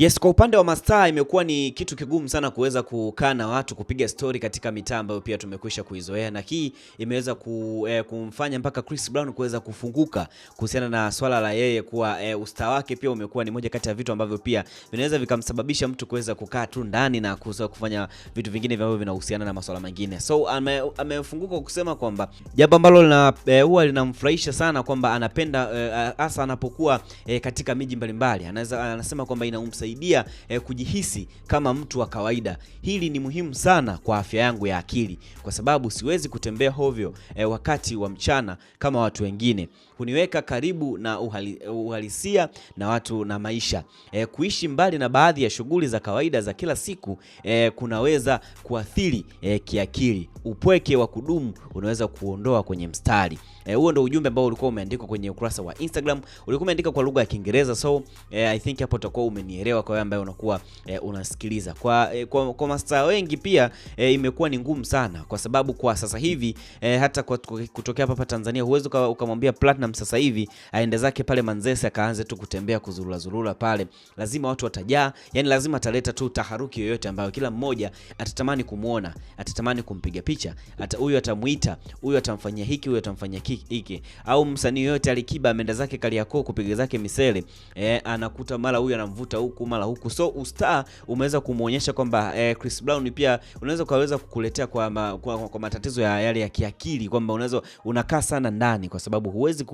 Yes, kwa upande wa mastaa imekuwa ni kitu kigumu sana kuweza kukaa na watu kupiga story katika mitaa ambayo pia tumekwisha kuizoea, na hii imeweza ku, eh, kumfanya mpaka Chris Brown kuweza kufunguka kuhusiana na swala la yeye kuwa eh, usta wake pia umekuwa ni moja kati ya vitu ambavyo pia vinaweza vikamsababisha mtu kuweza kukaa tu ndani na kuweza kufanya vitu vingine ambavyo vinahusiana na masuala mengine. So amefunguka ame kusema kwamba jambo ambalo lina eh, huwa linamfurahisha sana kwamba anapenda eh, hasa eh, anapokuwa eh, katika miji mbalimbali anaweza anasema kwamba inaumsa kunisaidia eh, kujihisi kama mtu wa kawaida. Hili ni muhimu sana kwa afya yangu ya akili, kwa sababu siwezi kutembea hovyo eh, wakati wa mchana kama watu wengine. Huniweka karibu na uhali, uhalisia na watu na maisha. Eh, kuishi mbali na baadhi ya shughuli za kawaida za kila siku eh, kunaweza kuathiri eh, kiakili. Upweke wa kudumu unaweza kuondoa kwenye mstari eh, huo. Eh, ndo ujumbe ambao ulikuwa umeandikwa kwenye ukurasa wa Instagram, ulikuwa umeandika kwa lugha ya Kiingereza, so eh, I think hapo utakuwa umenielewa kuelewa kwa wewe ambaye unakuwa e, unasikiliza kwa, e, kwa, kwa mastaa wengi pia e, imekuwa ni ngumu sana kwa sababu kwa sasa hivi e, hata kwa, kutokea hapa Tanzania huwezi ukamwambia Platinum sasa hivi aende zake pale Manzese akaanze tu kutembea kuzurura zurura pale, lazima watu watajaa, yani lazima ataleta tu taharuki yoyote ambayo kila mmoja atatamani kumwona, atatamani kumpiga picha, huyu atamuita, huyu atamfanyia hiki, huyu atamfanyia hiki. Au msanii yoyote Alikiba ameenda zake Kariakoo kupiga zake misele e, anakuta mara huyu anamvuta huku mara huku, so usta umeweza kumuonyesha kwamba eh, Chris Brown pia unaweza ukaweza kukuletea kwa, ma, kwa, kwa kwa matatizo ya yale ya kiakili kwamba unaweza unakaa sana ndani kwa sababu huwezi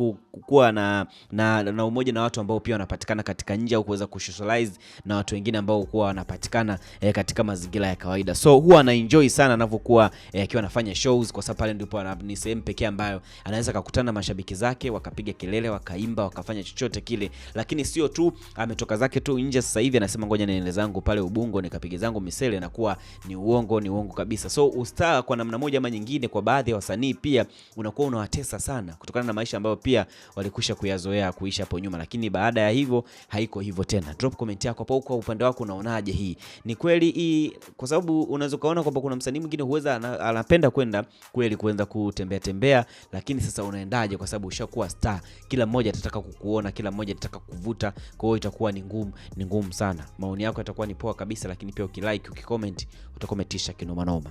kuwa na, na, na umoja na watu ambao pia wanapatikana katika nje au kuweza kusocialize na watu wengine ambao huwa wanapatikana eh, katika mazingira ya kawaida, so huwa anaenjoy sana anavyokuwa eh, akiwa eh, anafanya shows kwa sababu pale ndipo ni sehemu pekee ambayo anaweza kukutana na mashabiki zake wakapiga kelele, wakaimba, wakafanya chochote kile, lakini sio tu ametoka zake tu nje sasa hivi anasema ngoja niende zangu pale Ubungo nikapige zangu misele, na kuwa ni uongo, ni uongo kabisa. So ustaa kwa namna moja ama nyingine, kwa baadhi ya wasanii pia unakuwa unawatesa sana kutokana na maisha ambayo pia walikwisha kuyazoea kuishi hapo nyuma, lakini baada ya hivyo haiko hivyo tena. Drop comment yako hapo, kwa upande wako unaonaje? Hii ni kweli hii? Kwa sababu unaweza ukaona kwamba kuna msanii mwingine huweza anapenda kwenda kweli kuanza kutembea tembea, lakini sasa unaendaje? Kwa sababu ushakuwa star, kila mmoja atataka kukuona, kila mmoja atataka kuvuta, kwa hiyo itakuwa ni ngumu, ni ngumu ngumu sana. Maoni yako yatakuwa ni poa kabisa, lakini pia ukilike, ukikoment utakometisha kinomanoma.